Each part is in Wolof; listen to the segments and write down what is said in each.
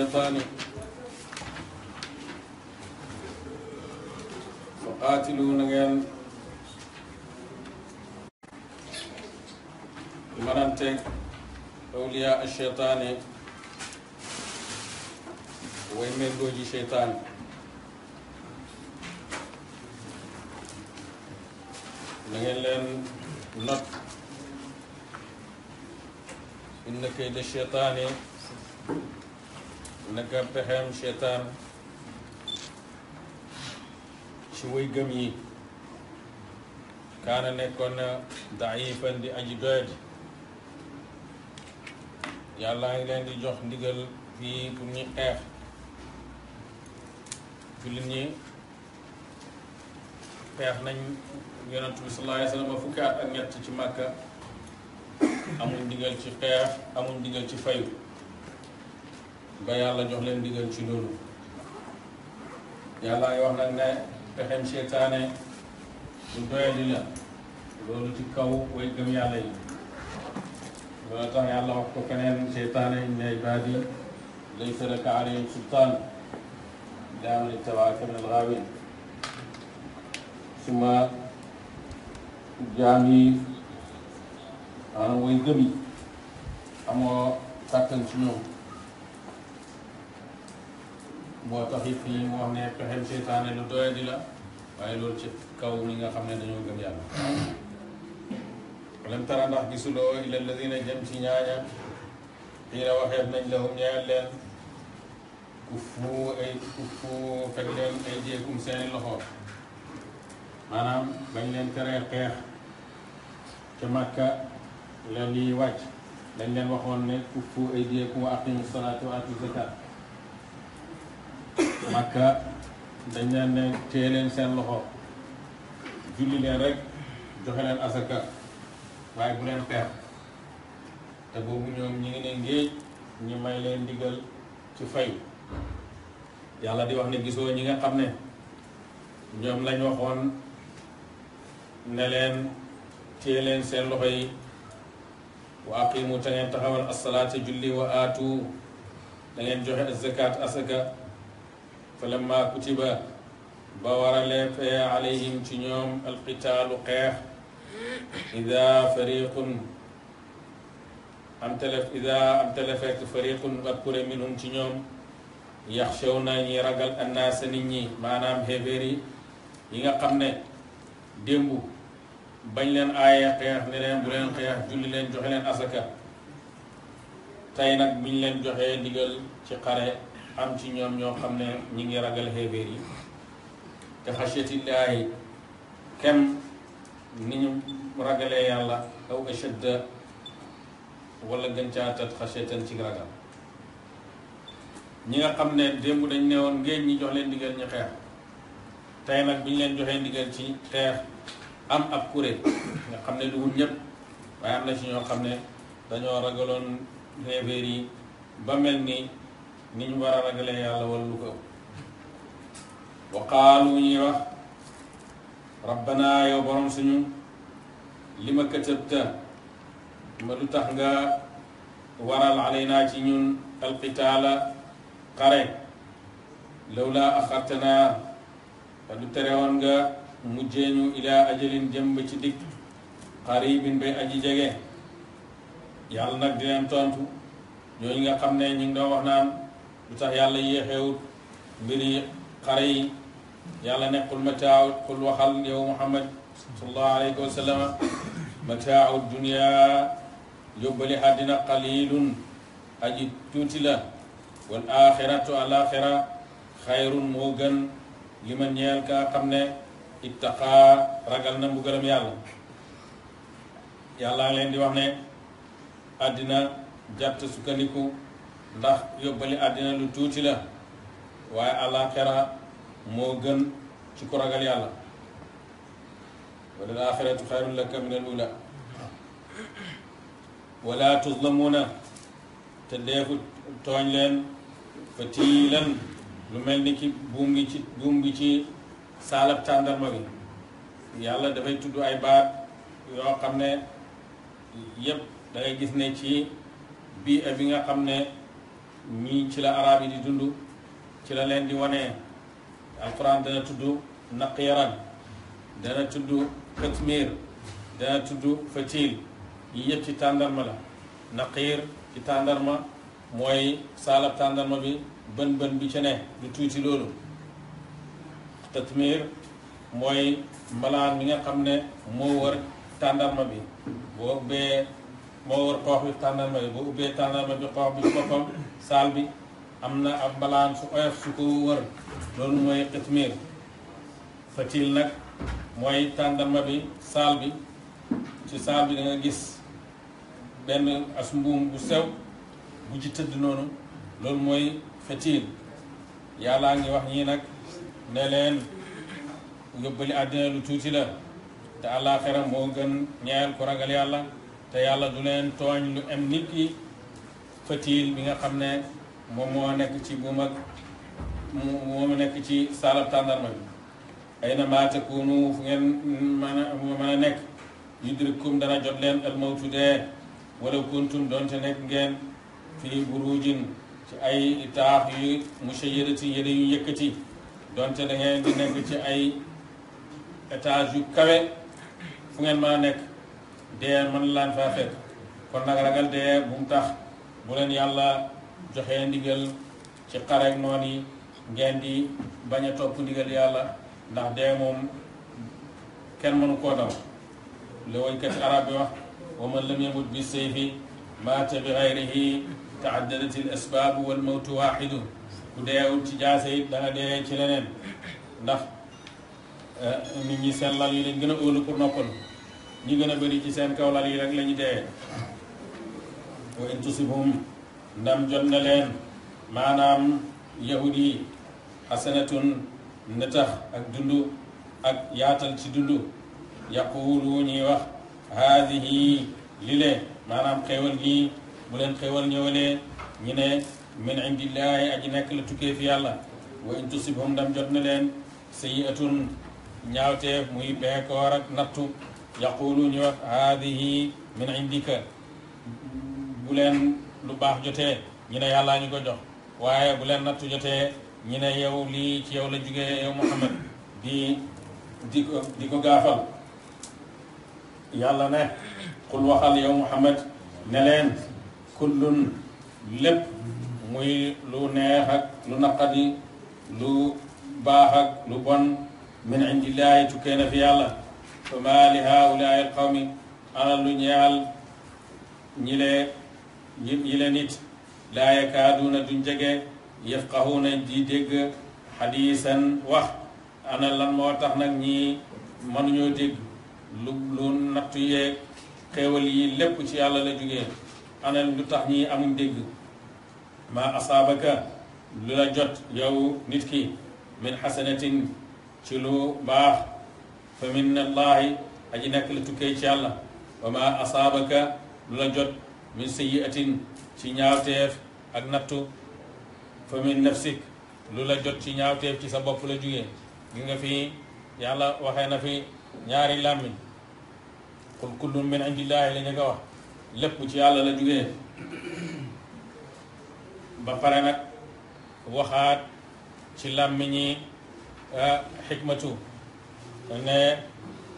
الشيطان فقاتلوا نغن مرانتك أولياء الشيطان ويمين دوجي شيطان نغن لن نط إن كيد الشيطان pexeem seytaan ci way gëm yi kaana nekkoon na daifan di aji doyadi yàlla ngi leen di jox ndigal fii pour ñu xeex jullit xeex nañ yonent bi sallallahu alayhi wa sallam fukki at ak ñett ci màkka amuñ ndigal ci xeex amuñ ndigal ci fayu بيالا جهلن ديجل شلول يالا يوهنن فهم شيطان ودوية للا لولو تكاو ويقم يالا ويطان يالا وقو كنين شيطان إن عبادي ليس لك عليهم سلطان لأمن التواكب من الغابين ثم جامي أنا ويقمي أما تاكن شنو moo tax it fii mu wax ne pexem seytaane lu doy di la waaye lool ci kaw ñi nga xam ne dañoo gëm yàlla lam tara ndax gisuloo ila alladina jëm ci ñaaña xiira waxeef nañ lahum ñaayal leen kuffu kuffu fekk leen ay seeni loxo maanaam bañ leen teree xeex ca màkka la lii wàcc leen waxoon ne kuffu ay jéekum wa aqimu salaata wa atu zakat Makka dañ leen ne téye leen seen loxo julli leen rek joxe leen asaka waaye bu leen per te boobu ñoom ñi ngi ne ngéej ñi may leen ndigal ci fayu yàlla di wax ne gisoo ñi nga xam ne ñoom lañ waxoon ne leen téye leen seen loxo yi wa aqimu te ngeen taxawal asalaata julli wa aatu da ngeen joxe zakat asaka فلما كتب بور في عليهم تنيوم القتال قيح إذا فريق أمتلف إذا أمتلفت فريق بكر منهم تنيوم يخشون أن يرقل الناس نيني ما نام هيفيري ينا قمنا ديمبو بين لن آية قيح نرين بلين قيح جل لن جوحي لن أسكا تاينك بين لن جوحي لن جوحي am ci ñoom ñoo xam ne ñi ngi ragal xeebéer yi te xasiyatillaahi kem ni ñu ragalee yàlla a ashadda wala gën caa tat xasiyatan ci ragal ñi nga xam ne démb dañ ne woon ngéej ñi jox leen ndigal ñu xeex tey nag bi ñu leen joxee ndigal ci xeex am ab kuréel nga xam ne duwul ñëpp waaye am na ci ñoo xam ne dañoo ragaloon xeebéer yi ba mel ni ni ñu war a ragalee yàlla wala ko wa qaalu ñuy rabbana yow borom suñu li ma katabta ma lu tax nga waral alaynaa ci ñun alqitaala xare lawla axartanaa te du terewoon nga mujjeeñu ilaa ajalin jëm ba ci dikk xaribin bay aji jege yàlla nag di leen tontu nga xam ne ñu ngi doon wax naan lu tax yàlla yéexewut mbiri xare yi yàlla ne qul mataaw qul waxal yow muhammad sallallahu alayhi wa sallam mataaw dunia yóbbali àddina qalilun aji tuuti la wal axiratu alaxira xayrun moo gën li ma ñeel ka xam ne ittaqa ragal na mbugalam yàlla yàlla leen di wax ne àddina jàtt sukkandiku ndax yóbbali àddina lu tuuti la waaye àllaaxira moo gën ci ku ragal yàlla wala laaxiratu xayrun laka min al ula wala tuzlamuuna te deefu tooñ leen fa lan lu mel ni ki buum gi ci buum gi ci saalab tàndarma bi yàlla dafay tudd ay baat yoo xam ne yépp da ngay gis ne ci bii bi nga xam ne mi ci la arab yi di dund ci la leen di wane alquran dana tudd naqiran dana tuddu katmir dana tuddu fatil yi yëpp ci tàndarma la naqir ci tàndarma mooy saalab tàndarma bi bën bën bi ci ne du tuuti loolu katmir mooy mbalaan mi nga xam ne moo wër tàndarma bi boo bee moo war xoox bi tàndarma bi bu ubbee tàndarma bi xoox bi boppam saal bi am na ab balaan su oyof su ko wër loolu mooy xitmiir fatil nag mooy tàndarma bi saal bi ci saal bi da nga gis benn as bu sew bu ci tëdd noonu loolu mooy fatil yàllaa ngi wax ñii nag ne leen àddina lu tuuti la te àllaaxira moo gën ñeel ku ragal yàlla te yàlla du leen tooñ lu em nit ki fatiil bi nga xam ne moom moo nekk ci bu mag moom nekk ci saalab tàndarma bi ay na maa takunu fu ngeen mën a mën a nekk yudrikkum dana jot leen almawtu dee wala kuntum doonte nekk ngeen fii burujin ci ay taax yu mushayyadati yële yu yëkkati doonte da ngeen ci ay étage yu kawe fu ngeen mën nekk dee mën laan faa fekk kon nag ragal dee bu mu tax bu yàlla joxee ndigal ci xarek noon yi ngeen di bañ a topp ndigal yàlla ndax dee moom kenn mënu koo daw la woykati arab bi wax wa man lam yamut bi sayfi maata bi xayrihi taaddadat al asbaabu wal mawtu waaxidu ku deewul ci jaase it danga dee ci leneen ndax eh, nit ñi sellal yu leen gën a óolu pour ñi gën a bëri ci seen kaw lal yi rek la ñu dee wa ndam jot na leen maanaam yahud yi xasanatun ne tax ak dund ak yaatal ci dund yaquulu ñuy wax haadihi li le maanaam xéewal gi bu leen xéewal ñëwalee ñu ne min indillahi aji nekk la tukkee fi yàlla wa in tusibhum ndam jot na leen sayiatun mu muy ko ak nattu yaqulu ñu wax haadihi min indika bu leen lu baax jotee ñu ne yàllaa ñu ko jox waaye bu leen nattu jotee ñu ne yow lii ci yow la jugee yow Muhammad di di ko di ne qul waxal yow Muhammad ne leen kullun lépp muy lu neex ak lu naqadi lu baax lu bon min indillahi tukkee na fi yàlla fa maa li haulaai alqawmi ana lu ñaal ñi lee ñi le nit laa yakaaduuna duñ jege yafqahuuna di dégg xadiisan wax ana lan moo tax nag ñi mënuñoo dégg lu lu nattu yeeg yi lépp ci yàlla la jógee ana lu tax ñi amuñ dégg maa asaabaka lu la jot yow nit ki min xasanatin ci lu baax fa minallaahi aji nekk la tukkee ci yàlla wa ma asaabaka lu la jot min sayyi'atin ci ñaawteef ak nattu fa min nafsik lu la jot ci ñaawteef ci sa bopp la jugee gi nga fii yàlla waxee na fi ñaari làmmiñ qul kullun min indillaahi la ñu ko wax lépp ci yàlla la jugee ba pare nag waxaat ci làmmiñi ah, xikmatu ne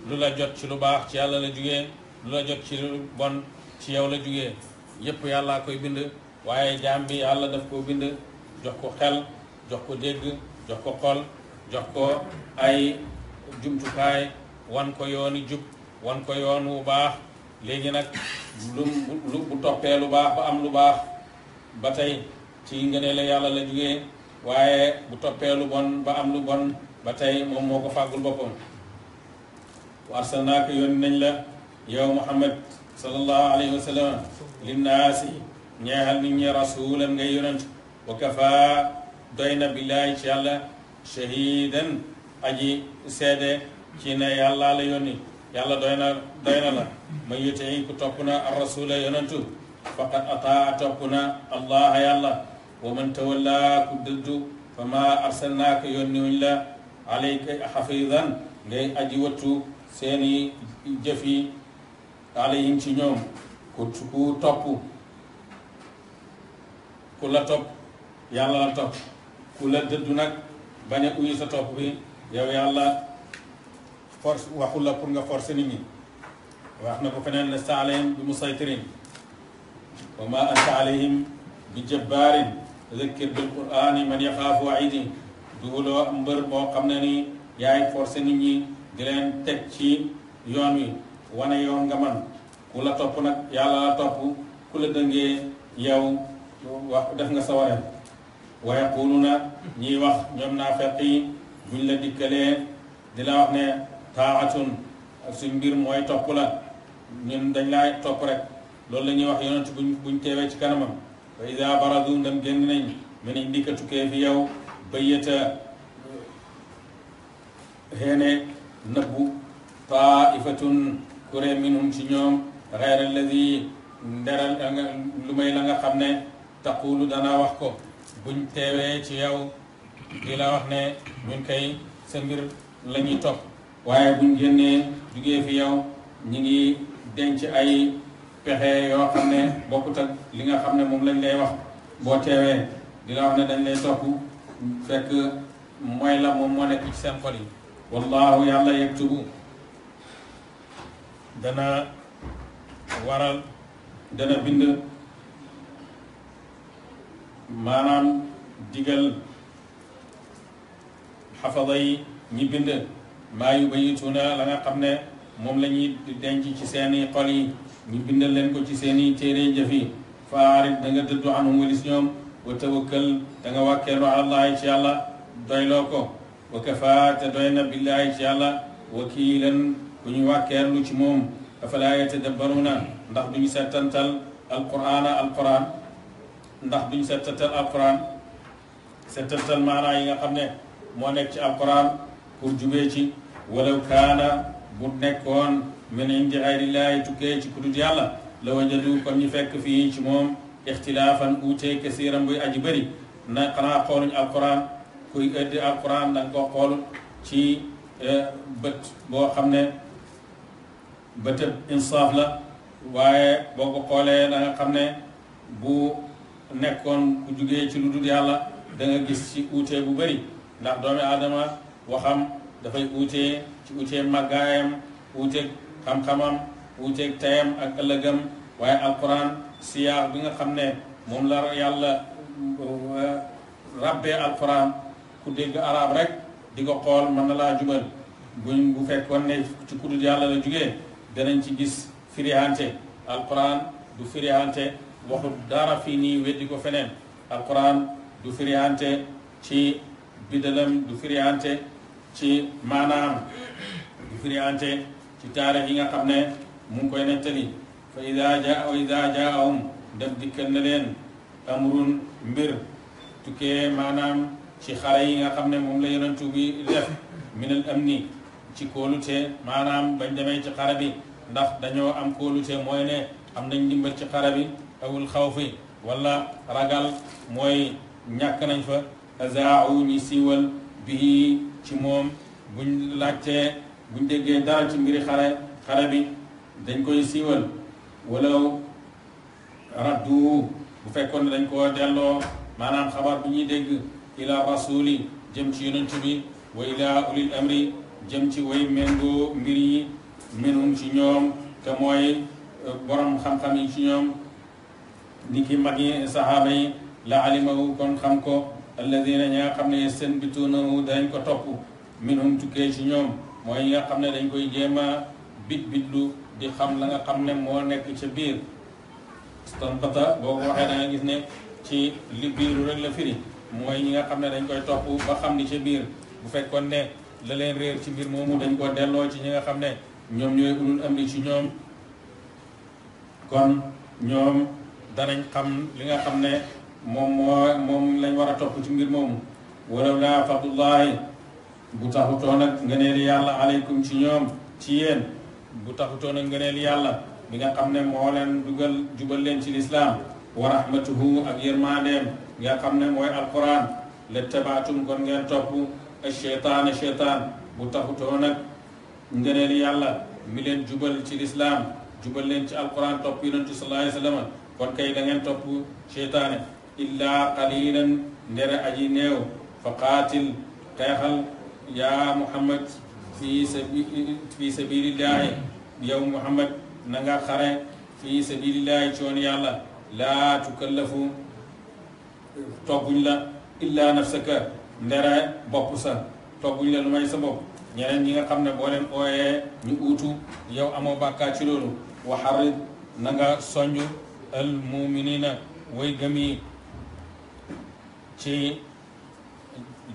lu la jot ci lu baax ci yàlla la jugéen lu la jot ci lu bon ci yow la jugee yépp yàllaa koy bind waaye jaam bi yàlla def koo bind jox ko xel jox ko dégg jox ko xol jox ko ay jumtukaay wan ko yooni jub wan ko yoon wu baax léegi nag lu lu bu toppee lu baax ba am lu baax ba tey ci ngëneel yàlla la jugee waaye bu toppee lu bon ba am lu bon ba tey moom moo ko fàggul boppam وارسلناك يونن لا يا محمد صلى الله عليه وسلم للناس نيهل نيه رسولا غير وكفى دين بالله ان شاء الله شهيدا اجي سيده كينا يا الله لا يوني يا الله دينا دينا لا ما يتعين كتبنا الرسول يننتو فقط اطاع تقنا الله يا الله ومن تولى كدد فما ارسلناك يوني الا عليك حفيظا لي اجي وتو seeni jëf yi alayhim ci ñoom ku ku topp ku la topp yàlla la topp ku la dëddu nag bañ a uyu sa topp bi yow yàlla force waxul la pour nga forcer nit ñi wax na ko feneen lasta alayhim bi musaytirin wa ma anta alayhim bi jabbarin zakkir bil qur'ani man yaxaafu waidi duuloo mbër moo xam ne ni yaay forcer nit ñi di leen teg ci yoon wi wane yoon nga man ku la topp nag yàlla la topp ku la dëngee yow wax def nga sa wareen wa yaquluuna ñiy wax ñoom naafeq yi buñ la dikkalee di la wax ne taatun ak suñ mbir mooy topp la ñun dañ laa topp rek loolu la ñuy wax yonent buñ buñ teewee ci kanamam fa ida baradu ndam génn nañ min indika tukkee fi yow bayyata xéene nëbbu taifatun kuré minhum ci ñoom xeer alladi nderal eh, lu may la nga xam ne taqulu danaa wax ko buñ teewee ci yow di la wax ne ñun kay sa mbir la ñuy topp waaye buñ génnee jugee fi yow ñi ngi denc ay pexe yoo xam ne bokkut ak li nga xam ne moom lañ lay wax boo teewee di la wax ne dañ lay topp fekk mooy la moom moo nekk ci seen xol yi wallaahu yàlla yaktubu dana waral dana bind maanaam digal xafada yi ñi bind maa yu bayituuna la nga xam ne moom la ñuy denc ci seeni xol yi ñu bindal leen ko ci seeni téere jëf yi faarit da nga dëddu anhum walis ñoom wa tawakkal da nga wàkkeelu alallahi ci yàlla doyloo ko وكفى تدعينا بالله جل وكيلا كن وكيل لجموم أفلا يتدبرون ndax duñu settantal alquran alquran ndax duñu settantal alquran settantal maanaa yi nga xam ne moo nekk ci alquran pour jubee ci walaw kaana bu nekkoon min indi xayrillaahi tukkee ci kudut yàlla la wajadu kon ñu fekk fii ci moom ixtilaafan uutee kasiiran buy aji na xanaa xooluñ alquran kuy indi alquran da nga ko ci eh, bët boo xam ne bëtëb insaaf la waaye boo ko xoolee da xam ne bu nekkoon ku jugee ci lu dul yàlla da gis ci uutee bu bari ndax doomi aadama waxam dafay uutee ci uutee màggaayam uuteeg xam-xamam uuteeg tayam ak ëllëgam waaye alquran siyaax bi nga xam ne moom la yàlla eh, rabbee alquran ku dégg arab rek di ko xool mën na laa jubal buñ bu fekkoon ne ci ku dul yàlla la jugee danañ ci gis firihante alquran du firihante waxu dara fii nii weddi ko feneen alquran du firihante ci bidalam du firihante ci maanaam du firihante ci taarix yi nga xam ne mu ngi koy nettali fa ida jaa wa ida jaahum def dikkal na leen amrun mbir tukkee maanaam ci xare yi nga xamne mom la yonentou bi def min al amni ci kóolute manam bañ demé ci xare bi ndax dañoo am kóolute moy ne am nañ ndimbal ci xare bi awul khawfi wala ragal moy ñak nañ fa azaawu ni siwal bi ci mom buñ laccé buñ déggé dara ci mbiri xare xare bi dañ koy siwal wala raddu bu fekkone dañ ko delloo manam xabar bu ñi dégg ila rasuli jëm ci yonent bi wa ila ulil amri jëm ci way méngoo mbir yi minum ci ñoom te mooy borom xam-xam yi ci ñoom ni ki mag yi sahaaba yi la alimahu kon xam ko alladina ñi nga xam ne seen bituunahu danañ ko topp minum tukkee ci ñoom mooy ñi nga xam ne dañ koy jéem a bit bitlu di xam la nga xam ne moo nekk ca biir stanbata boo ko waxee da nga gis ne ci li biiru rek la firi mooy ñi nga xam ne dañ koy topp ba xam li ci biir bu fekkoon ne la leen réer ci mbir moomu dañ koo delloo ci ñi nga xam ne ñoom ñooy ulul amri ci ñoom kon ñoom danañ xam li nga xam ne moom moo moom lañ war a topp ci mbir moomu walaw laa fadlullahi bu taxutoon ak ngëneel yàlla aleykum ci yéen bu taxutoon ak ngëneel yàlla bi nga xam ne moo leen dugal jubal leen ci lislaam wa rahmatuhu ak yërmandeem nga xam ne mooy alquran la tabaatum kon ngeen topp cheytaane cheytaan bu taxutoo nag ngëneel yàlla mi leen jubal ci lislaam jubal leen ci alquran topp yonentu sallallahu alayhi wa sallam kon kay da ngeen topp cheytaane illaa qalilan ndere aji néew fa qaatil xeexal yaa muhammad fi sabi yow muhammad na nga xare fi sabilillahi coon yàlla laa tukallafu togguñ la illa nafsaka ndere bopp sa togguñ may sa ñeneen ñi nga xam ne boo leen ñu uutu yow amoo bàkkaar ci loolu waxarit na nga sonj al way gëm ci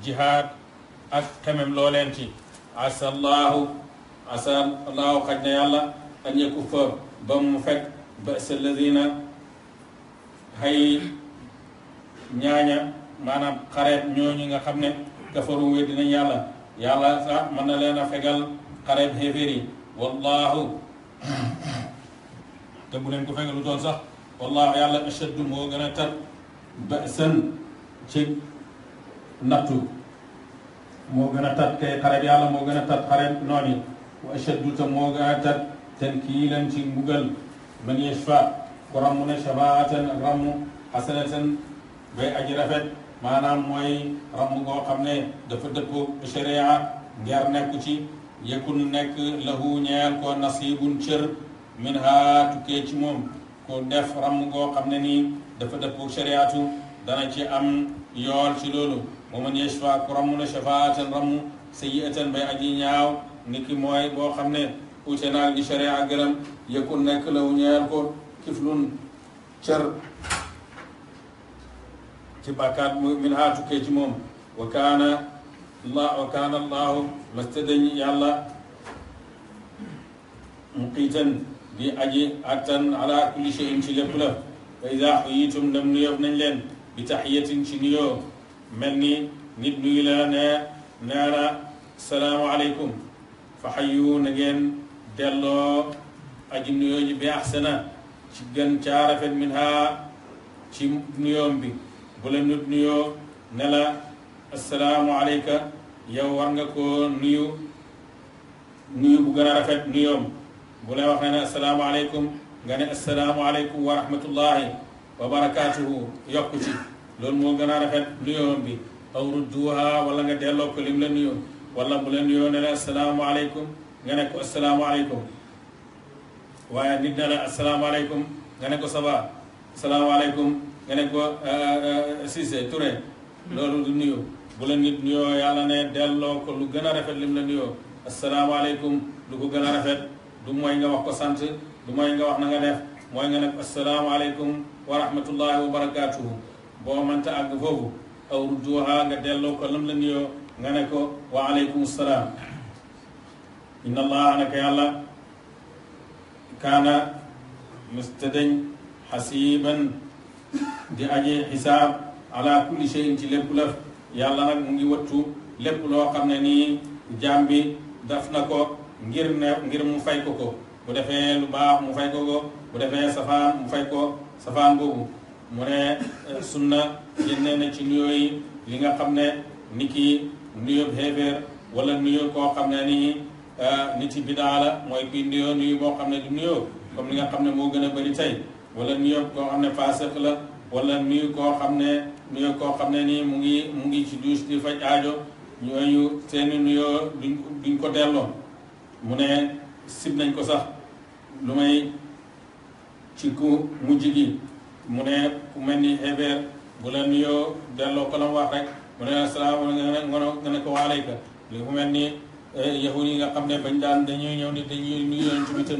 jihaad ak xemem loo ci asa allahu xaj na yàlla an yakuffa ba mu fekk ba sa lazina ñaaña maanaam xareet ñooñu nga xam ne kafaru wéy dinañ yàlla yàlla sax mën na leen a fegal xareet xéeféer yi wallaahu te bu leen ko fegalu toon sax wallaahu yàlla ashaddu moo gën a tat ba'san ci nattu moo gën a tat kay xareet gën a tat xareet noon wa ashaddu te moo gën a tat tankiilan ci mbugal man yashfa ku ramm ne shafaatan xasanatan way aji rafet manam moy ram go xamne dafa dëpp sharia ngeer nekku ci yëkkun nek lahu ñeel ko nasibun cer min ha tukkee ci mom ko def ram go xamne ni dafa dafa sharia tu dana ci am yool ci lolu wa man yashfa ku ramm na shafaatan ram sayyatan bay aji ñaaw niki moy bo xamne ne uute di sharia gëlam yëkkun nek lahu ñeel ko kiflun cer تباكات من هاتو تكيتموم وكان الله وكان الله مستدني الله مقيتا بأجي أتن على كل شيء له فإذا حييتم لم يبنن لن بتحية شنيو ملني نبني لنا نارا السلام عليكم فحيو نجن دلو أجي نيوجي بأحسنا شجن تعرف منها شي نيوم بي bu la nit nuyoo ne la assalaamu yow war nga koo nuyu nuyu bu gën a rafet nuyoom bu la waxee ne assalaamu alaykum nga ne assalaamu alaykum wa rahmatullahi wa barakaatuhu moo gën a rafet nuyoom bi aw rudduha wala nga delloo ko lim la nuyoo wala bu la nuyoo ne la nga ne ko waaye nit ne la assalaamu nga ne ko saba assalaamu alaykum nga ne ko eh, eh, eh, Cissé Touré loolu du nuyo bu la nit nuyoo yàlla ne delloo ko lu gën a rafet lum la nuyoo asalaamaaleykum lu ko gën a rafet du mooy nga wax ko sant du mooy nga wax na nga def mooy nga ne ko asalaamaaleykum wa rahmatullahi wa barakaatuhu boo mënta àgg foofu aw rudduha nga delloo ko lam la nuyoo nga ne ko wa aleykum salaam inna allaha naka yàlla kaana musta dañ xasiban di aje xisaab ala kulli ci lépp lëf yàlla nag mu ngi wattu lépp loo xam ne nii jaam bi daf na ko ngir ne ngir mu fay ko ko bu defee lu baax mu fay ko ko bu defee safaan mu fay ko safaan boobu mu ne eh, sunna génne na ci nuyoo yi li nga xam ne ni ki nuyób xeeféer wala nuyoo koo xam ne ni eh, nit yi bidaa la mooy kii nuyoo nuyu boo xam ne du nuyoo comme li nga xam ne moo gën bari bëri wala nuyoo koo xam ne faasiq la wala nuyu koo xam ne koo xam ne nii mu ngi mu ngi ci douche di faj aajo ñooñu seeni nuyoo duñ duñ ko delloo mu ne sib nañ ko sax lu may ci ku mujj gi mu ne ku mel ni xebeer bu la nuyoo delloo ko la wax rek mu ne asalaam nga ne ko waaleyka li mel ni eh, yahud yi nga xam ne bañ daan dañuy ñëw ni dañuy nuyu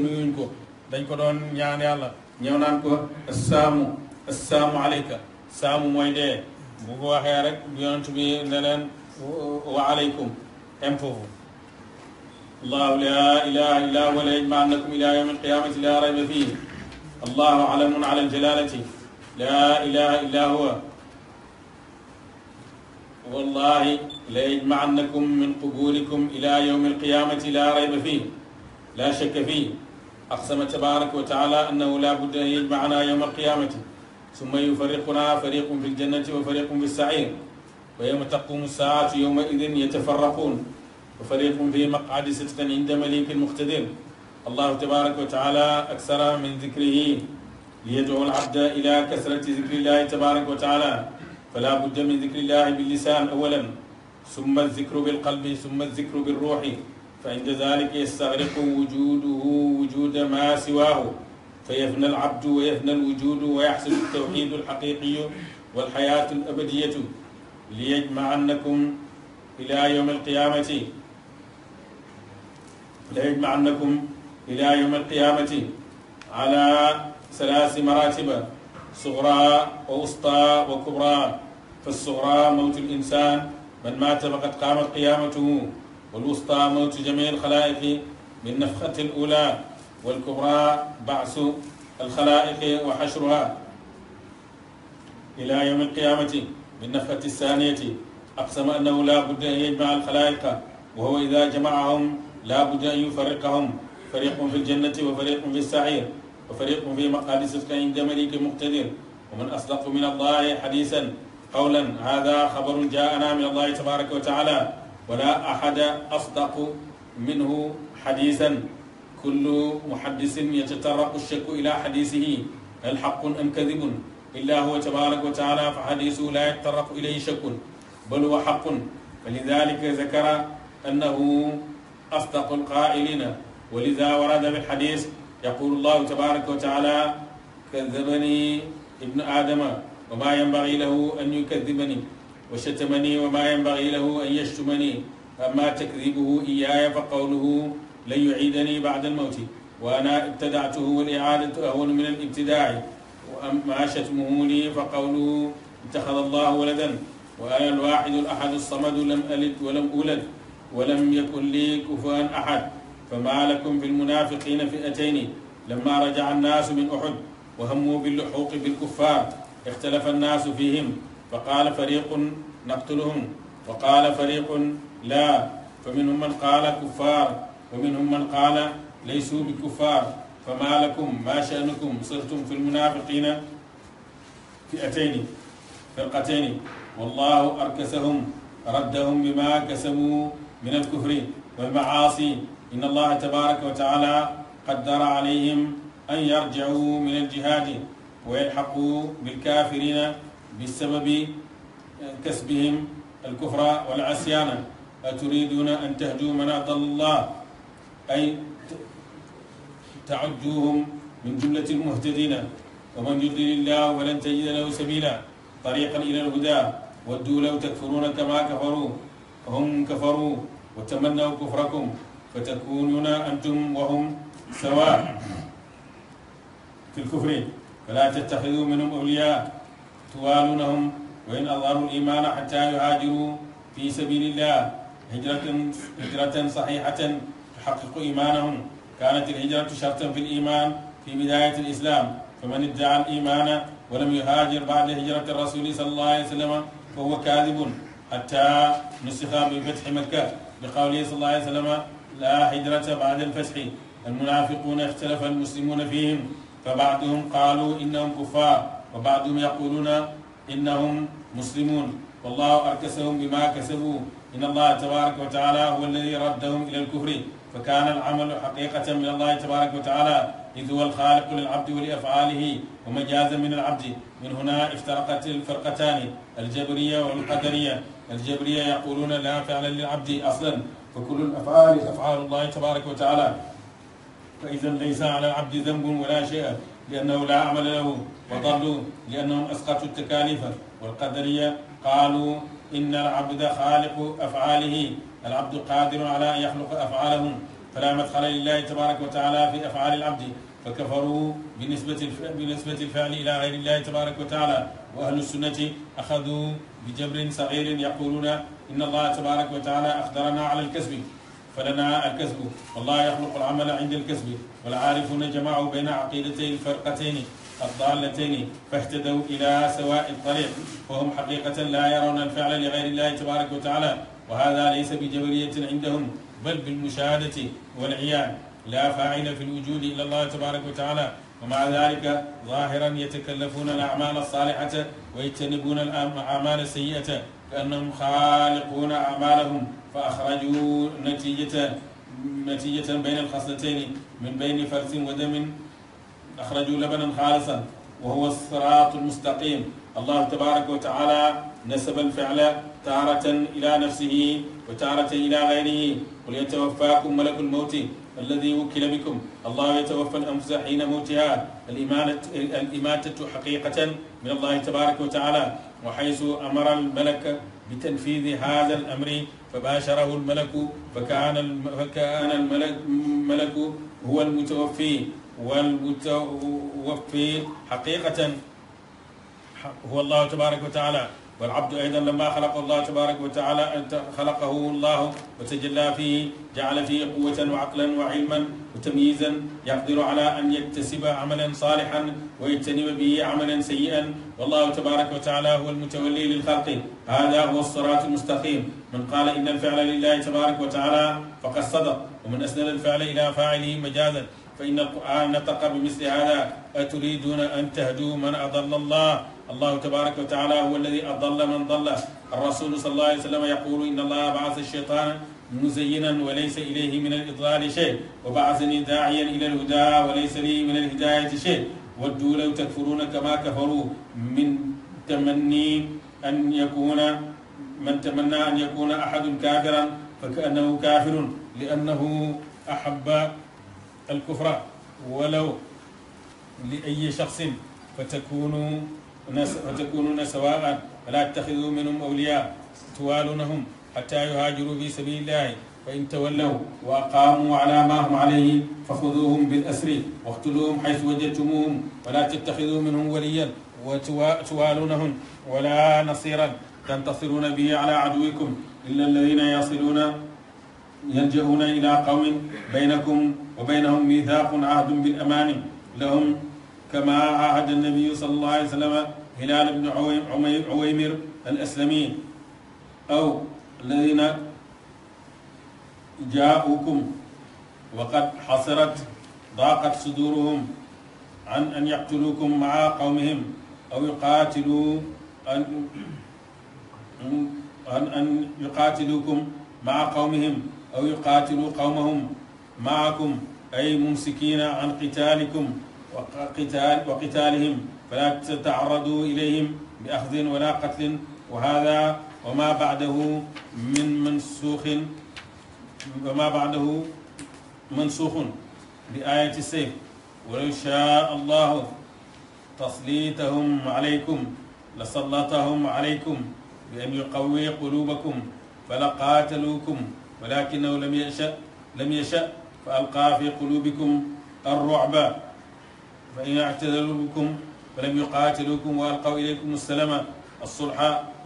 nuyuñ ko dañ ko doon ñaan yàlla ñëw naan ko assaamu assaamu alayka saamu mooy dee bu ko waxee rek yonent bi ne leen wa alaykum impovu الله لا إله إلا هو لا يجمعنكم إلى يوم القيامة لا ريب فيه الله علم على الجلالة لا إله إلا هو والله لا يجمعنكم من قبوركم إلى يوم القيامة لا ريب فيه لا شك فيه أقسم تبارك وتعالى أنه لا بد أن يجمعنا يوم القيامة ثم يفرقنا فريق في الجنة وفريق في السعير ويوم تقوم الساعة يومئذ يتفرقون وفريق في مقعد صدق عند مليك مقتدر الله تبارك وتعالى أكثر من ذكره ليدعو العبد إلى كثرة ذكر الله تبارك وتعالى فلا بد من ذكر الله باللسان أولا ثم الذكر بالقلب ثم الذكر بالروح فعند ذلك يستغرق وجوده وجود ما سواه فيفنى العبد ويفنى الوجود ويحصل التوحيد الحقيقي والحياة الأبدية ليجمعنكم إلى يوم القيامة ليجمعنكم إلى يوم القيامة على ثلاث مراتب صغرى ووسطى وكبرى فالصغرى موت الإنسان من مات فقد قامت قيامته والوسطى موت جميع الخلائق من نفخة الأولى والكبرى بعث الخلائق وحشرها إلى يوم القيامة من نفخة الثانية أقسم أنه لا بد أن يجمع الخلائق وهو إذا جمعهم لا بد أن يفرقهم فريق في الجنة وفريق في السعير وفريق في مقعد صدق عند ملك مقتدر ومن أصدق من الله حديثا قولا هذا خبر جاءنا من الله تبارك وتعالى ولا أحد أصدق منه حديثا كل محدث يتطرق الشك إلى حديثه هل حق أم كذب إلا هو تبارك وتعالى فحديثه لا يتطرق إليه شك بل هو حق فلذلك ذكر أنه أصدق القائلين ولذا ورد بالحديث يقول الله تبارك وتعالى كذبني ابن آدم وما ينبغي له أن يكذبني وشتمني وما ينبغي له أن يشتمني أما تكذيبه إياي فقوله لن يعيدني بعد الموت وأنا ابتدعته والإعادة أهون من الابتداع وأما شتمه لي فقوله اتخذ الله ولدا وأنا الواحد الأحد الصمد لم ألد ولم أولد ولم يكن لي كفوا أحد فما لكم في المنافقين فئتين لما رجع الناس من أحد وهموا باللحوق بالكفار اختلف الناس فيهم فقال فريق نقتلهم وقال فريق لا فمنهم من قال كفار ومنهم من قال ليسوا بكفار فما لكم ما شأنكم صرتم في المنافقين فئتين فرقتين والله أركسهم ردهم بما كسبوا من الكفر والمعاصي إن الله تبارك وتعالى قدر عليهم أن يرجعوا من الجهاد ويلحقوا بالكافرين بسبب كسبهم الكفر والعصيان أتريدون أن تهجوا من أعطى الله أي تعدوهم من جملة المهتدين ومن يضلل الله ولن تجد له سبيلا طريقا إلى الهدى ودوا لو تكفرون كما كفروا هم كفروا وتمنوا كفركم فتكونون أنتم وهم سواء في الكفر فلا تتخذوا منهم أولياء توالونهم وإن أظهروا الإيمان حتى يهاجروا في سبيل الله هجرة هجرة صحيحة تحقق إيمانهم كانت الهجرة شرطا في الإيمان في بداية الإسلام فمن ادعى الإيمان ولم يهاجر بعد هجرة الرسول صلى الله عليه وسلم فهو كاذب حتى نسخ بفتح مكة بقوله صلى الله عليه وسلم لا هجرة بعد الفتح المنافقون اختلف المسلمون فيهم فبعضهم قالوا إنهم كفار وبعضهم يقولون إنهم مسلمون والله أركسهم بما كسبوا إن الله تبارك وتعالى هو الذي ردهم إلى الكفر فكان العمل حقيقة من الله تبارك وتعالى إذ هو الخالق للعبد ولأفعاله ومجازا من العبد من هنا افترقت الفرقتان الجبرية والقدرية الجبرية يقولون لا فعل للعبد أصلا فكل الأفعال أفعال الله تبارك وتعالى فإذا ليس على العبد ذنب ولا شيء لأنه لا عمل له وضلوا لأنهم أسقطوا التكاليف والقدرية قالوا إن العبد خالق أفعاله العبد قادر على أن يخلق أفعاله فلا مدخل لله تبارك وتعالى في أفعال العبد فكفروا بنسبة بنسبة الفعل إلى غير الله تبارك وتعالى وأهل السنة أخذوا بجبر صغير يقولون إن الله تبارك وتعالى أقدرنا على الكسب فلنا الكسب والله يخلق العمل عند الكسب والعارفون جمعوا بين عقيدتي الفرقتين الضالتين فاهتدوا إلى سواء الطريق وهم حقيقة لا يرون الفعل لغير الله تبارك وتعالى وهذا ليس بجبرية عندهم بل بالمشاهدة والعيان لا فاعل في الوجود إلا الله تبارك وتعالى ومع ذلك ظاهرا يتكلفون الأعمال الصالحة ويتنبون الأعمال السيئة كأنهم خالقون أعمالهم فأخرجوا نتيجة نتيجة بين الخصلتين من بين فرث ودم أخرجوا لبنا خالصا وهو الصراط المستقيم الله تبارك وتعالى نسب الفعل تارة إلى نفسه وتارة إلى غيره قل يتوفاكم ملك الموت الذي وكل بكم الله يتوفى الأنفس حين موتها الإمانة, الإماتة حقيقة من الله تبارك وتعالى وحيث أمر الملك بتنفيذ هذا الأمر فباشره الملك فكان الملك هو المتوفي والمتوفي حقيقة هو الله تبارك وتعالى والعبد أيضا لما خلق الله تبارك وتعالى خلقه الله وتجلى فيه جعل فيه قوة وعقلا وعلما وتمييزا يقدر على أن يكتسب عملا صالحا ويجتنب به عملا سيئا والله تبارك وتعالى هو المتولي للخلق هذا هو الصراط المستقيم من قال إن الفعل لله تبارك وتعالى فقد صدق ومن أسند الفعل إلى فاعله مجازا فإن القرآن نطق بمثل هذا أتريدون أن تهدوا من أضل الله الله تبارك وتعالى هو الذي أضل من ضل الرسول صلى الله عليه وسلم يقول إن الله بعث الشيطان مزينا وليس إليه من الإضلال شيء وبعثني داعيا إلى الهدى وليس لي من الهداية شيء ودوا لو تكفرون كما كفروا من تمني أن يكون من تمنى أن يكون أحد كافرا فكأنه كافر لأنه أحب الكفر ولو لأي شخص فتكونوا فتكونون سواء فلا تتخذوا منهم أولياء توالونهم حتى يهاجروا في سبيل الله فإن تولوا وأقاموا على ما هم عليه فخذوهم بالأسر واقتلوهم حيث وجدتموهم ولا تتخذوا منهم وليا وتوالونهم ولا نصيرا تنتصرون به على عدوكم إلا الذين يصلون يلجؤون إلى قوم بينكم وبينهم ميثاق عهد بالأمان لهم كما عهد النبي صلى الله عليه وسلم هلال بن عويمر الأسلمي أو الذين جاءوكم وقد حصرت ضاقت صدورهم عن أن يقتلوكم مع قومهم أو يقاتلوا أن أن أن يقاتلوكم مع قومهم أو يقاتلوا قومهم معكم أي ممسكين عن قتالكم وقتال وقتالهم فلا تتعرضوا إليهم بأخذ ولا قتل وهذا وما بعده من منسوخ وما بعده منسوخ بآية السيف ولو شاء الله تسليطهم عليكم لسلطهم عليكم بأن يقوي قلوبكم فلقاتلوكم ولكنه لم يشأ لم يشأ فألقى في قلوبكم الرعب فإن اعتذروا بكم فلم يقاتلوكم وألقوا إليكم السلام الصلح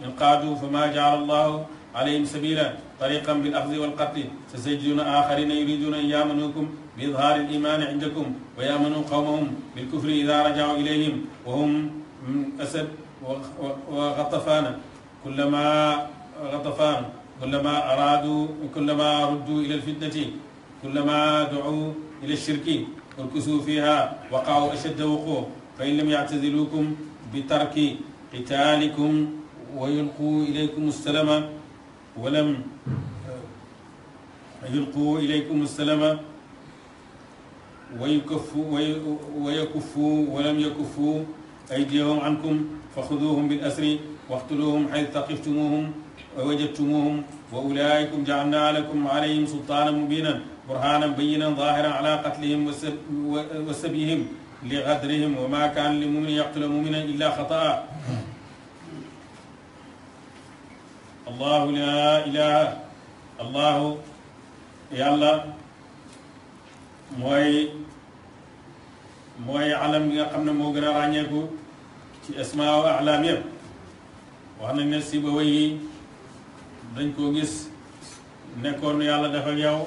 إن قادوا فما جعل الله عليهم سبيلا طريقا بالأخذ والقتل ستجدون آخرين يريدون أن يامنوكم بإظهار الإيمان عندكم ويأمنوا قومهم بالكفر إذا رجعوا إليهم وهم من أسد وغطفان كلما غطفان كلما أرادوا كلما ردوا إلى الفتنة كلما دعوا إلى الشرك اركسوا فيها وقعوا أشد وقوع فإن لم يعتزلوكم بترك قتالكم ويلقوا إليكم السلم ولم يلقوا إليكم السلام ويكفوا ويكفوا ولم يكفوا أيديهم عنكم فخذوهم بالأسر واقتلوهم حيث ثقفتموهم ووجدتموهم وأولئكم جعلنا لكم عليهم سلطانا مبينا برهانا بينا ظاهرا على قتلهم وسبيهم لغدرهم وما كان لمؤمن يقتل مؤمنا إلا خطأ الله لا إله الله يا الله موي موي علم يا قمنا xam ne moo gën a ràññeeku ci asmaa wa dañ koo gis nekkoon yàlla def ak yow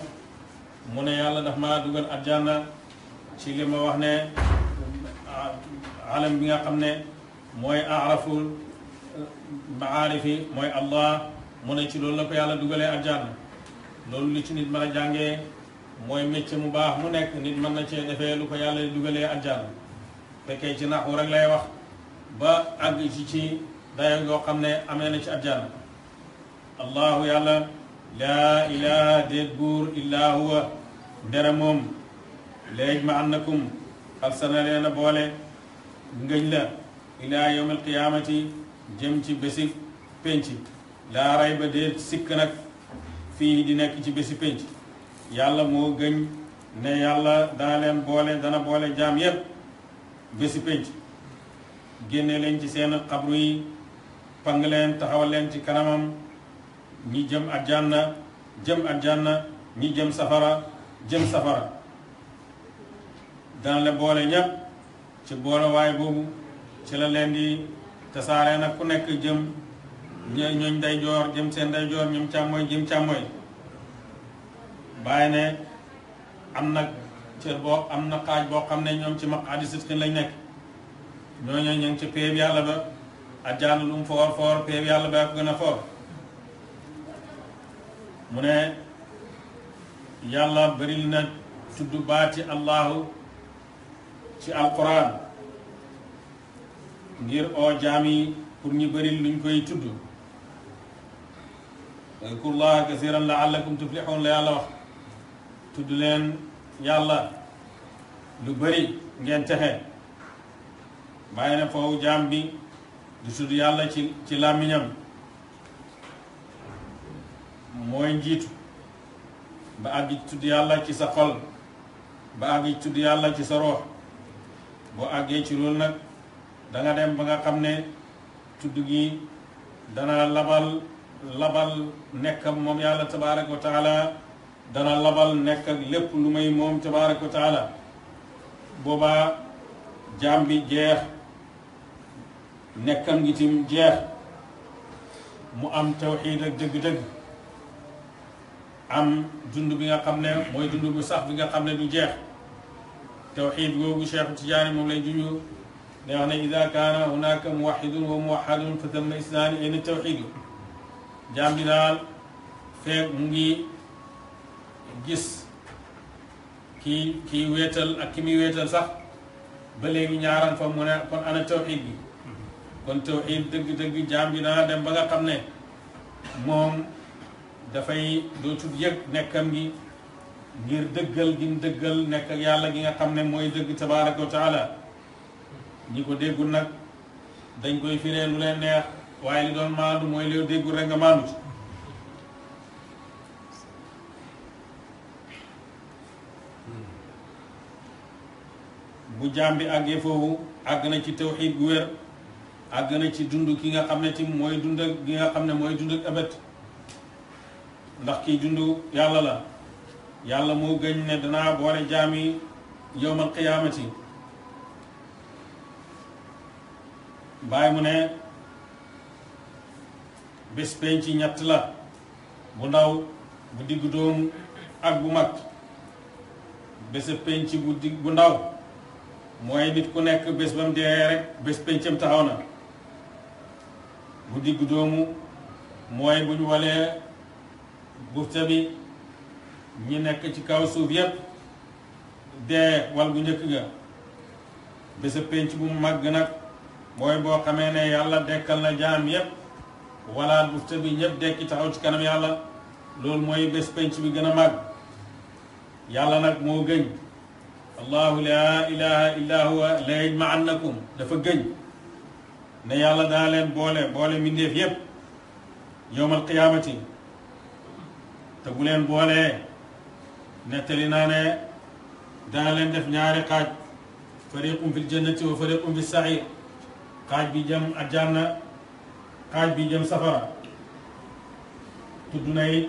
mu ne yàlla daf maa dugal àjjana ci li ma wax ne alam bi nga xam ne mooy aaraful maarifi mooy allah mu ne ci loolu la ko yàlla dugalee àjjana loolu li ci nit mën a jàngee mooy métier mu baax mu nekk nit mën na cee defee lu ko yàlla dugalee àjjana fekkee ci naxu rek lay wax ba àgg ci ci dayo yoo xam ne amee na ci àjjana allahu yàlla laa ilaha déet buur illaa huwa ndera moom ma annakum alsana leen boole ngëñ la ilaa yowm alqiyaamati jëm ci bési pénc laa ray ba déet sikk nag fii di nekk ci bési pénc yàlla moo gëñ ne yàlla dana leen boole dana boole jaam yépp bési pénc génne leen ci seen xabru yi pang leen taxawal leen ci kanamam ñi jëm àjjana jëm àjjana ñi jëm safara jëm safara dana la boole ñépp ci boole waay boobu ci la leen di tasaare nag ku nekk jëm ñooñ day joor jëm seen day joor ñoom càmmooy jëm càmmooy bàyyi ne am nag cër boo am na xaaj boo xam ne ñoom ci maqaadi sidqin lañ nekk ñooñu ñu ngi ci péeb yàlla ba àjjana lu mu foor foor péeb yàlla ba ak gën a foor mu ne yàlla bëril na tudd baati allahu ci alquran ngir oo jaam yi pour ñu bëril luñ koy tudd wadkurullaha kasiran laallakum tuflixuun la yàlla wax tudd leen yàlla lu bëri ngeen texe bàyyi na foofu jaam bi du tudd yàlla ci ci làmmiñam mooy njiitu ba àgg ci tudd yàlla ci sa xol ba àgg ci tudd yàlla ci sa roox boo àggee ci loolu nag danga dem ba nga xam ne tudd gi dana labal labal nekkam moom yàlla tabaraka wa taala dana labal nekk ak lépp lu may moom tabaraka wa taala boobaa jaam bi jeex nekkam ngi tim jeex mu am tawxiid ak dëgg-dëgg am dund bi nga xam ne mooy dund bu sax bi nga xam ne du jeex tawxiid googu Cheikh Tijaani moom lay juñu ne wax ne ida kaana hunaka muwaxidun wa muwaxadun fa tamma islaani ayna tawxiidu jaam bi daal feeg mu ngi gis kii kii wéetal ak ki muy wéetal sax ba léegi ñaaran fa mu ne kon ana tawxiid bi mm-hmm. kon tawxiid dëgg-dëgg jaam bi dana dem ba nga xam ne moom dafay do dootul yek nekam gi ngir deugal gi deugal nek ak yalla gi nga xamne moy deug tabaaraku taala ni ko degul nak dañ koy firé lu leen neex waye li doon maandu moy loo degul rek nga maandu bu jambi agge fofu foofu na ci tawhid gu wer àgg na ci dundu ki nga xamne ci moy dund ak gi nga xamne moy mooy dund ak abet ndax ki dund yàlla la yàlla moo gëñ ne danaa boole jaam yi yowmal qiyaamati bàyyi mu ne bés penc ci ñett la bu ndaw bu digg doom ak bu mag bésa penc bu digg bu ndaw mooy nit ku nekk bés ba mu dee rek bés pencam taxaw na bu digg doomu mooy bu ñu walee burta bi ñi nekk ci kaw suuf yépp dee wal gu njëkk ga bésa pénc bu màgg nag mooy boo xamee ne yàlla dekkal na jaam yépp walaat bufta bi ñépp dekki taxaw ci kanam yàlla loolu mooy bés pénc bi gën a màgg yàlla nag moo gëñ allahu laa ilaha illa huwa la yajma'annakum dafa gëñ ne yàlla daa leen boole boole mbindeef yépp yowmal qiyaamati تبولين بوله نتلينا دالين دف نياري قاج فريق في الجنة وفريق في السعير قاج بيجم أجانا قاج بيجم سفرة تدوني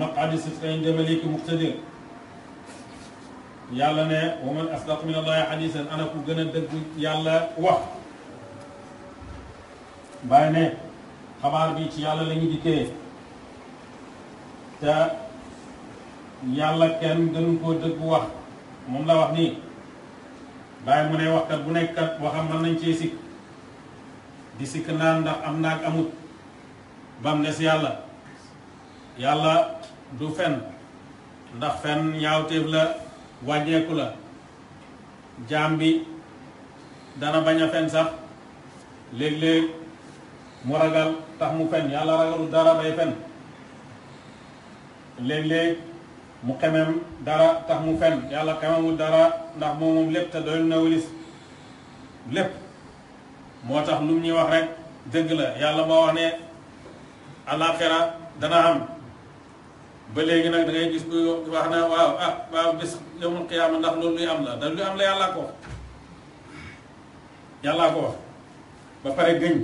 مقعد سفقين جمليك مقتدر يا لنا ومن أصدق من الله حديثا أنا كنت دق يا الله وقت باينه خبار بيتي يا الله لني te yàlla kenn gënu koo dëgg wax moom la wax nii bàyyi mu ne waxkat bu nekkat waxam mën nañ cee sikk di sikk naan ndax am naag amut bam des yàlla yàlla du fen ndax fen ñaawteef la wàññeeku la dana bañ fen sax léeg-léeg mu ragal tax mu fen yàlla ragalu dara bay fen léeg-léeg mu xemem dara tax mu fen yàlla xememul dara ndax moom moom lépp te doyul na walis lépp moo tax lu mu ñuy wax rek dëgg la yàlla moo wax ne alaxira dana am ba léegi nag da ngay gis ku wax na waaw ah waaw bis yawmul qiyaama ndax loolu luy am la da luy am la yàllaa ko wax yàllaa ko wax ba pare gëñ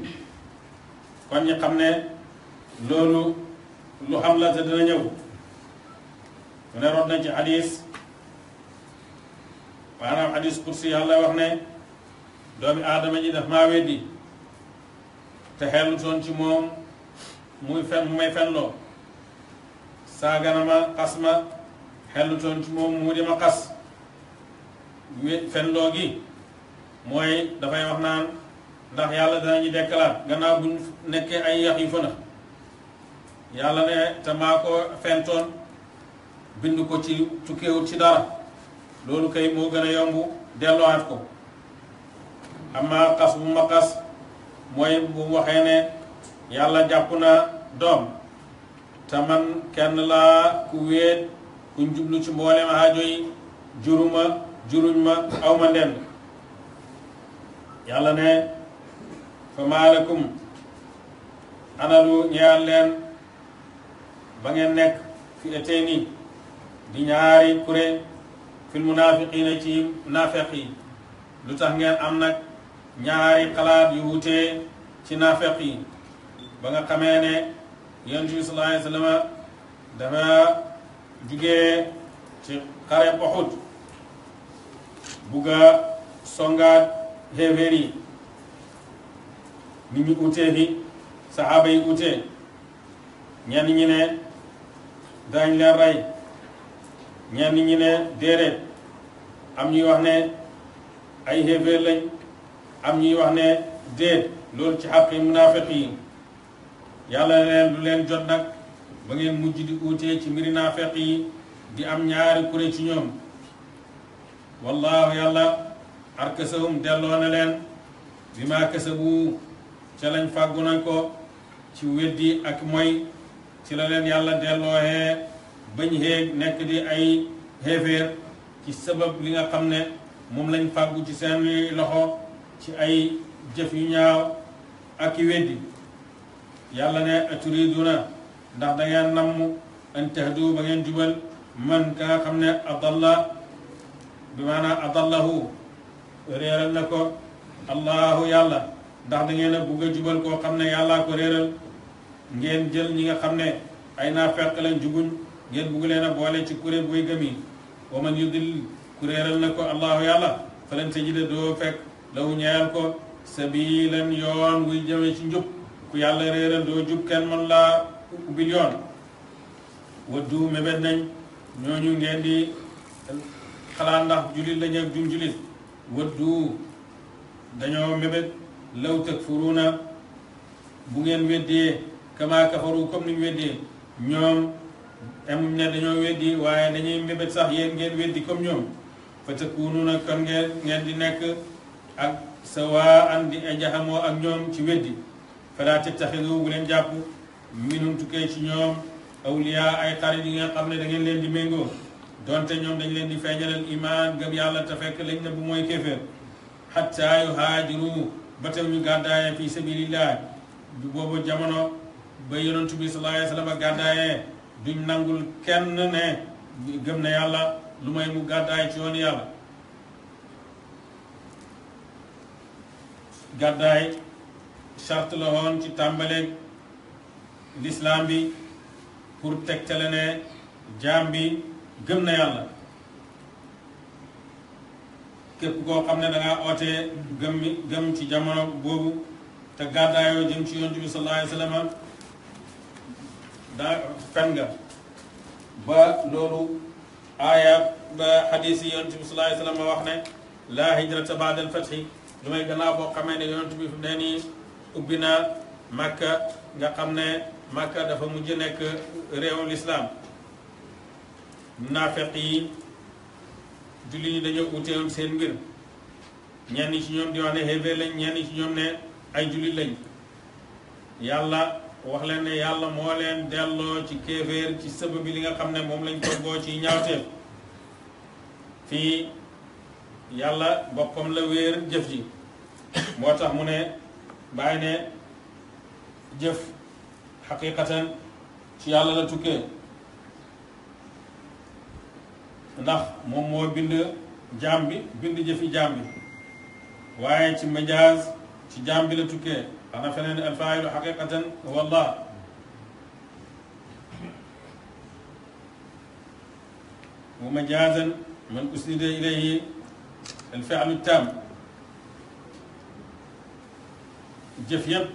kon ñi xam ne loolu lu xam la te dana ñëw mu ne root nañ ci hadis maanaam hadis kursi yàlla wax ne doomi aadama ji daf maa weddi te xellu toon ci moom muy fen mu may fenloo saagana ma xas ma xellu toon ci moom mu di ma xas fenloo gi mooy dafay wax naan ndax yàlla danañu dekkalaat gannaaw bu nekkee ay yax yu fëna yàlla ne te maa ko bind ko ci tukkeewul ci dara loolu kay moo gën a yomb delluwaat ko amma xas bu ma xas mooy bu waxee ne yàlla jàpp na doom te man kenn laa ku wéet ku jublu ci mboolem aajo yi juruma juruñ ma aw ma ne fa maalakum analu ñaan leen ba ngeen nekk fi etee di ñaari kuréel fil munaafiqiina ci naafeq yi lu tax ngeen am nag ñaari xalaat yu wutee ci naafeq yi ba nga xamee ne yonent bi sallallaahu alayhi wa sallam dafa jugee ci xare Uhud bugga songaat xéeféer yi nit ñu utee fi saxaaba yi utee ñenn ñi ne daañ leen rey ñenn ñi ne déedéet am ñuy wax ne ay xéeféer lañ am ñuy wax ne déet lool ci xàqi munaafiq yi yàlla leen lu leen jot nag ba ngeen mujj di uutee ci mbiri naafeq yi di am ñaari kuré ci ñoom wallaahu yàlla arkasahum delloo na leen bi maa kasabu ca lañ fàggu nañ ko ci weddi ak moy ci la leen yàlla delloohee bañ xeeg nekk di ay xeeféer ci sabab li nga xam ne moom lañ fàggu ci seen loxo ci ay jëf yu ñaaw ak i weddi yàlla ne aturiduna ndax da ngeen namm an ba ngeen jubal man ka nga xam ne adalla bi maanaam adallahu réeral na ko allahu yàlla ndax da ngeen a jubal koo xam ne yàllaa ko réeral ngeen jël ñi nga xam ne ay naa fekk lañ juguñ ngeen bugg leen a boole ci kuréel buy gëm yi wa man yudil kuréeral na ko allahu yàlla falan tajida doo fekk law ñeyal ko sabilan yoon wuy jëme ci njub ku yàlla réeral doo jub kenn man laa ubbil yoon waddu mébét nañ ñooñu ngeen di xalaat ndax julit lañ ak jum julit waddu dañoo mébét law takfuruuna bu ngeen weddee kama kafaru comme niñ weddee ñoom amuñ ne dañoo weddi waaye dañuy mbébét sax yéen ngeen weddi comme ñoom fa takunuuna kon ngeen ngeen di nekk ak sawa an di ajaxamoo ak ñoom ci weddi fala tattaxidu bu leen jàpp minum tukkee ci ñoom awliya ay xarit yi nga xam ne da leen di méngoo donte ñoom dañ leen di feeñalal iman gëm yàlla te fekk lañ ne bu mooy kéeféer xatta yu haajiru ba tew ñu gàddaayee fi sabilillah boobu jamono ba yonentu bi sallallahu alayhi wa sallam gàddaayee duñ nangul kenn ne gëm na yàlla lu may mu gàddaay ci yoon yàlla gàddaay charte la woon ci tàmbaleeg lislaam bi pour tegtale ne jaam bi gëm na yàlla képp koo xam ne dangaa ootee gëm gëm ci jamono boobu te gàddaayoo jëm ci yonent bi sallallahu alayhi wa sallam daa fen nga ba loolu aaya ba xadiis yi yonent bi wax ne laa hijrata ba'da al-fathi lu may gannaaw boo xamee ne yonent bi nee ni ubbi na Makka nga xam ne Makka dafa mujj nekk réewu lislaam naafeq yi julli ñi dañoo uteewoon seen mbir ñenn ci ñoom di wax ne xéeféer lañ ñenn ci ñoom ne ay jullit lañ yàlla wax leen ne yàlla moo leen delloo ci kéeféer ci sëb bi li nga xam ne moom lañ toggoo ci ñaawteef fii yàlla boppam la wéer jëf ji moo tax mu ne bàyyi ne jëf xaqiqatan ci yàlla la tukkee ndax moom moo bind jaam bi bind jëfi jaam bi waaye ci majaaz ci jaam bi la tukkee أنا فنان الفاعل حقيقة هو الله ومجازا من أسند إليه الفعل التام جفيب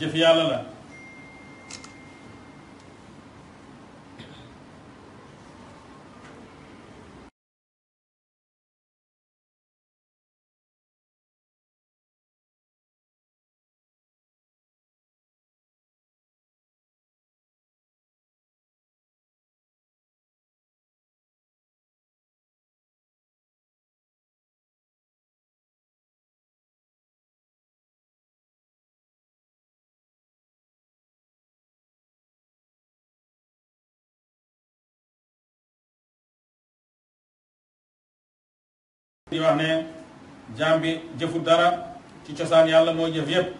جفيال الله di wax ne jaam bi jëfu dara ci cosaan yàlla moo jëf yépp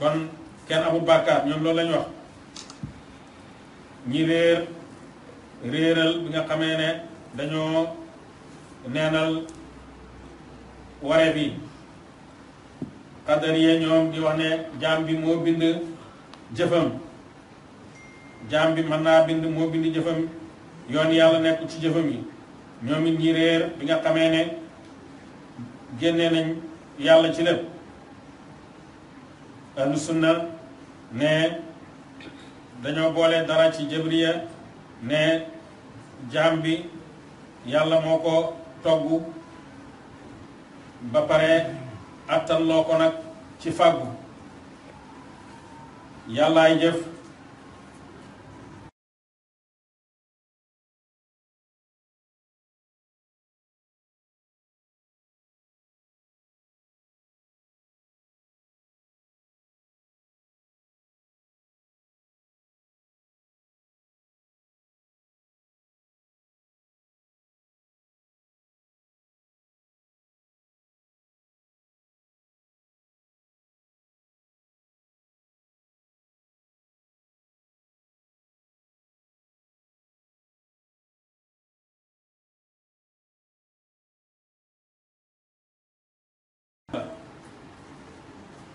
kon kenn amul bàkkaar ñoom loolu lañu wax ñi réer réeral bi nga xamee ne dañoo neenal ware bi xadariye ñoom di wax ne jaam bi moo bind jëfam jaam bi mën naa bind moo bind jëfam yoon yàlla nekk ci jëfam yi ñoom it ñi réer bi nga xamee ne génnee nañ yàlla ci lépp ahlu sunna ne dañoo boole dara ci jabriya ne jaam bi yàlla moo ko toggu ba pare attan loo ko nag ci fàggu yàllaay jëf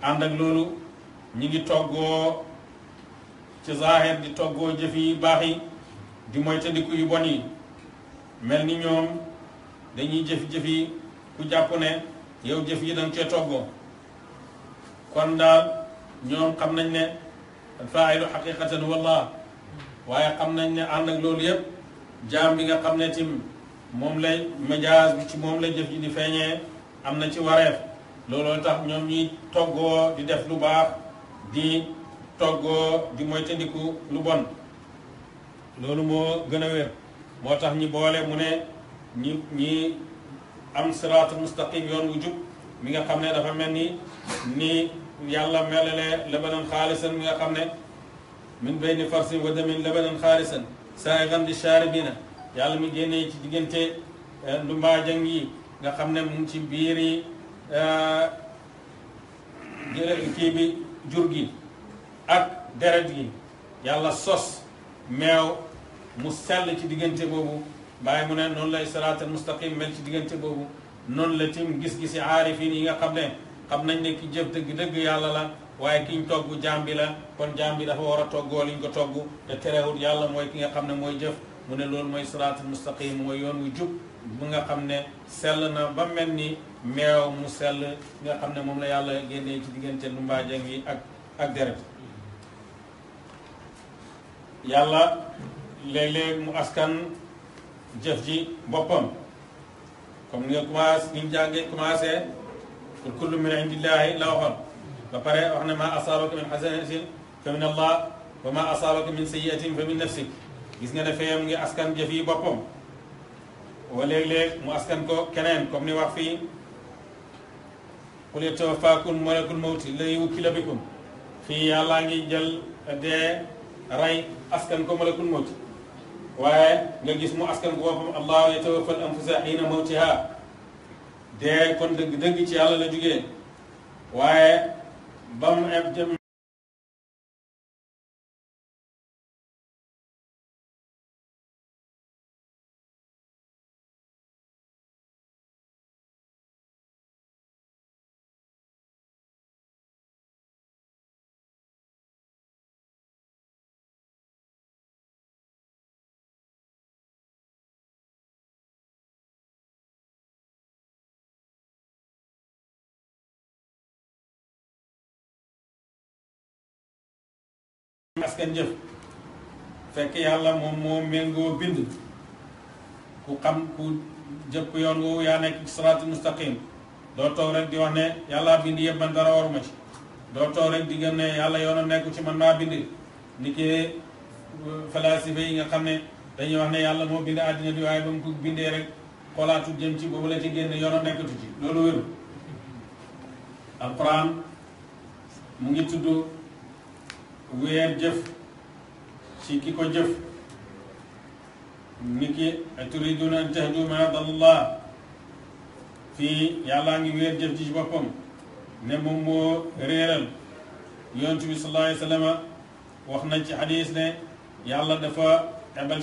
ànd ak loolu ñi ngi toggoo ci zaahir di toggoo jëf yi baax yi di moytandiku yu bon yi mel ni ñoom dañuy jëf-jëf ku jàpp ne yow jëf yi danga cee toggoo kon daal ñoom xam nañ ne alfailu xaqiqatan wallah waaye xam nañ ne ànd ak loolu yépp jaam bi nga xam ne tim moom lay médias bi ci moom la jëf yi di feeñee am na ci wareef looloo tax ñoom ñuy toggoo di def lu baax di toggoo di moytandiku lu bon loolu moo gën a wér moo tax ñi boole mu ne ñi ñi am siraatul mustaqim yoon wu jub mi nga xam ne dafa mel ni ni yàlla melalee labanan xaalisan mi nga xam ne min bayni farsin wa damin labanan xaalisan saayigan li shaaribina yàlla mi génnee ci diggante eh, ndumbaa jang yi nga xam ne mu ci biir yi Euh, jële bi jur gi ak deret gi yàlla sos meew mu sell ci diggante boobu bàyyi mu ne noonu lay siraatal mustaqim mel ci diggante boobu noonu la tim gis-gisi aarifin yi nga xam ne xam nañ ne ki jëf dëgg-dëgg yàlla la waaye kiñ togg jaam bi la kon jaam bi dafa war a toggoo liñ ko togg te terewul yàlla mooy ki nga xam ne mooy jëf mu ne loolu mooy siraatal mustaqim mooy yoon wu jub bu nga xam ne sell na ba mel nii meew mu sell nga xam ne moom la yàlla génnee ci diggante lu mbaajang yi ak ak deret yàlla léeg-léeg mu askan jëf ji boppam comme ni nga commencé ni nga jàngee commencé qul kullu min indillahi la waxoon ba pare wax ne ma asaabaka min xasanatin fa min allah wa ma asaabaka min sayiatin fa min nafsik gis nga ne feyam ngi askan jëf yi boppam wa léeg-léeg mu askan ko keneen comme ni wax fii qul yatawaffaakum malakul mawti allazii wukkila bikum fi yàllaa ngi jël dee askan ko malakul mawti waaye nga gis mu askan ko boppam allahu yatawaffal anfusa xiina mawtiha dee kon dëgg-dëgg ci yàlla la jógee waaye bam askan jëf fekk yàlla moom moo méngoo bind ku xam ku jëpp yoon woowu yaa nekk ci siraatul mustaqim doo toog rek di wax ne yàllaa bind yëpp man dara waruma ci doo toog rek di gëm ne yàlla yoonam nekku ci man maa bind ni kee falaasife yi nga xam ne dañuy wax ne yàlla moo bind àddina bi waaye ba mu ko bindee rek xoolaatu jëm ci boobu la ci génn yoonam nekkatu ci loolu wéru alquran mu ngi tudd lu ngeen jëf ci ki ko jëf ni ki turiduna an tahdu ma adallah fii yàllaa ngi weer jëf ci boppam ne moom moo réeral yonent bi sallallahu alayhi wa sallam wax nañ ci xadis ne yàlla dafa ebal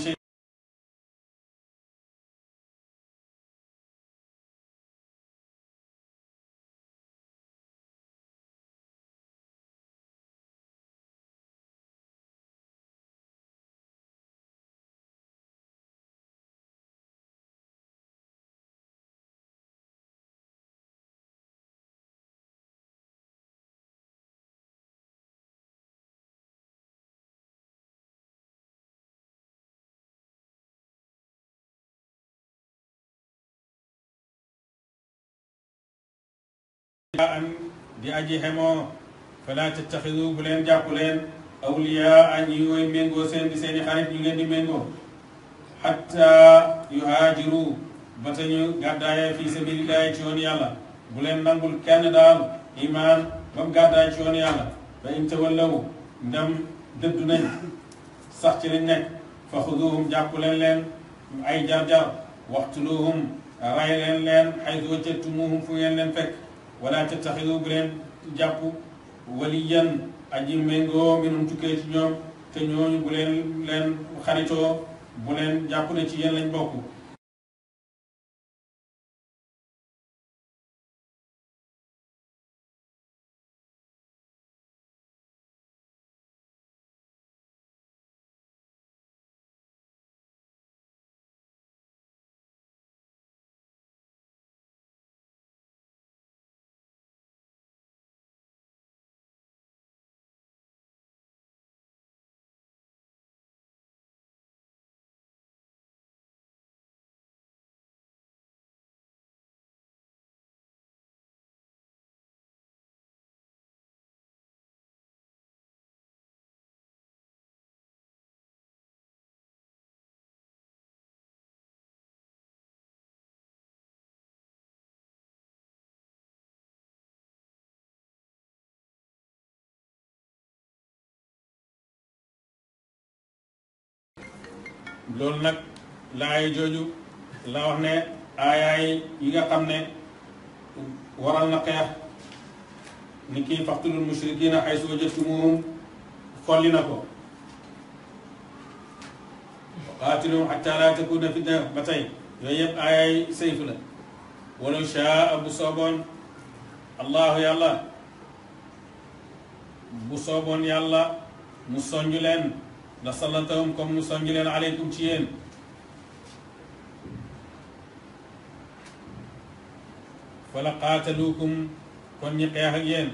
أن بأجي حمو فلا تتخذوا بلين جاكولين أولياء أن يوين منغو سين بسين خريف يوين منغو حتى يهاجروا بطنيو قدايا في سبيل الله شون يالا بلين نقول كان إيمان بم قدايا شون يالا فإن تولوا ندم ضدنا صحت لنك فخذوهم جاكولين لين أي جار جار واقتلوهم رايلين لين حيث وجدتموهم فين لين فك wala tattaxidu bu leen jàpp waliyan aji méngoo minum tukkee ci ñoom te ñooñu bu leen leen xaritoo bu leen jàpp ne ci yéen lañ bokk loolu nag laaya jooju la wax ne aayaay yi nga xam ne waral na xeex ni kii faxtulul mushrikina ay soo jëttumuhum folli na ko qaatiluhum xatta laa takuna fitna ba tey yooyu yëpp aayaay sayf la walaw shaa bu sooboon allahu yàlla bu sooboon yàlla mu sonju leen نصلتهم كم نصنجل عليكم تيين فلقاتلوكم كن يقياه يين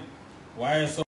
وعيسو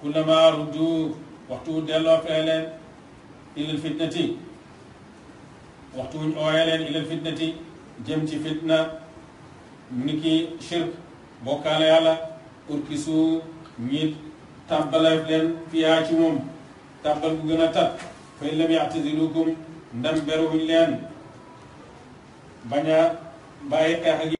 kullama ruddu waxtu delloo fee leen ilal fitnati waxtu wuñ ooyee leen ilal fitnati jëm ci fitna ni ki shirk bokkaale yàlla urkisu ñit tàbbaleef leen fiyaa ci moom tàbbal bu gën fa in lam yactasilukum ndam beruwuñ leen bañ a bàyyi xeex